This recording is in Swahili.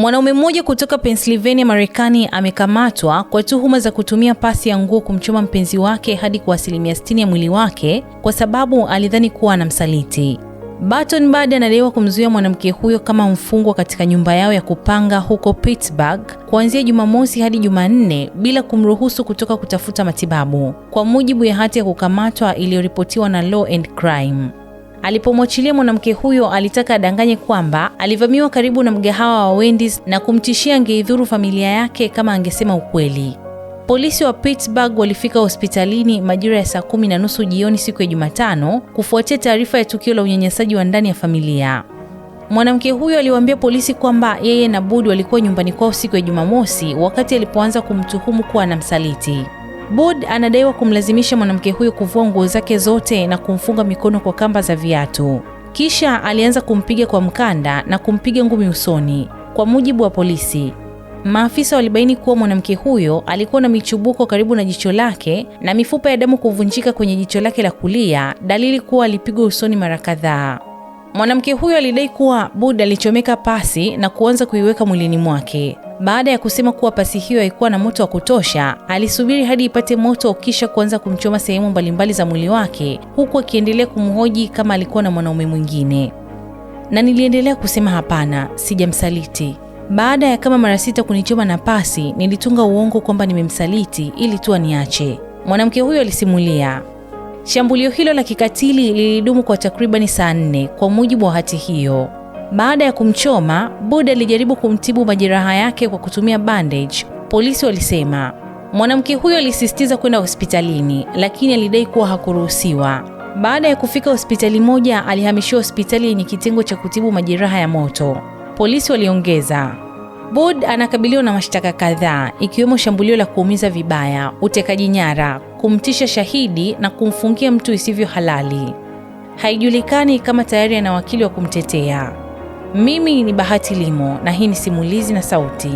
Mwanaume mmoja kutoka Pennsylvania, Marekani amekamatwa kwa tuhuma za kutumia pasi ya nguo kumchoma mpenzi wake hadi kwa asilimia 60 ya mwili wake kwa sababu alidhani kuwa anamsaliti. Burton Bard anadaiwa kumzuia mwanamke huyo kama mfungwa katika nyumba yao ya kupanga huko Pittsburgh kuanzia Jumamosi hadi Jumanne bila kumruhusu kutoka kutafuta matibabu, kwa mujibu ya hati ya kukamatwa iliyoripotiwa na Law and Crime. Alipomwachilia mwanamke huyo, alitaka adanganye kwamba alivamiwa karibu na mgahawa wa Wendy's na kumtishia angeidhuru familia yake kama angesema ukweli. Polisi wa Pittsburgh walifika hospitalini majira ya saa kumi na nusu jioni siku ya Jumatano kufuatia taarifa ya tukio la unyanyasaji wa ndani ya familia. Mwanamke huyo aliwaambia polisi kwamba yeye na Budi walikuwa nyumbani kwao siku ya Jumamosi wakati alipoanza kumtuhumu kuwa msaliti. Bod anadaiwa kumlazimisha mwanamke huyo kuvua nguo zake zote na kumfunga mikono kwa kamba za viatu, kisha alianza kumpiga kwa mkanda na kumpiga ngumi usoni. Kwa mujibu wa polisi, maafisa walibaini kuwa mwanamke huyo alikuwa na michubuko karibu na jicho lake na mifupa ya damu kuvunjika kwenye jicho lake la kulia, dalili kuwa alipigwa usoni mara kadhaa. Mwanamke huyo alidai kuwa Bud alichomeka pasi na kuanza kuiweka mwilini mwake. Baada ya kusema kuwa pasi hiyo haikuwa na moto wa kutosha, alisubiri hadi ipate moto kisha kuanza kumchoma sehemu mbalimbali za mwili wake huku akiendelea kumhoji kama alikuwa na mwanaume mwingine. Na niliendelea kusema hapana, sijamsaliti. Baada ya kama mara sita kunichoma na pasi, nilitunga uongo kwamba nimemsaliti ili tu aniache. Mwanamke huyo alisimulia. Shambulio hilo la kikatili lilidumu kwa takribani saa nne kwa mujibu wa hati hiyo. Baada ya kumchoma, bud alijaribu kumtibu majeraha yake kwa kutumia bandage, polisi walisema. Mwanamke huyo alisisitiza kwenda hospitalini, lakini alidai kuwa hakuruhusiwa. Baada ya kufika hospitali moja, alihamishiwa hospitali yenye kitengo cha kutibu majeraha ya moto, polisi waliongeza. Bod anakabiliwa na mashtaka kadhaa ikiwemo shambulio la kuumiza vibaya, utekaji nyara, kumtisha shahidi na kumfungia mtu isivyo halali. Haijulikani kama tayari ana wakili wa kumtetea. Mimi ni Bahati Limo na hii ni Simulizi na Sauti.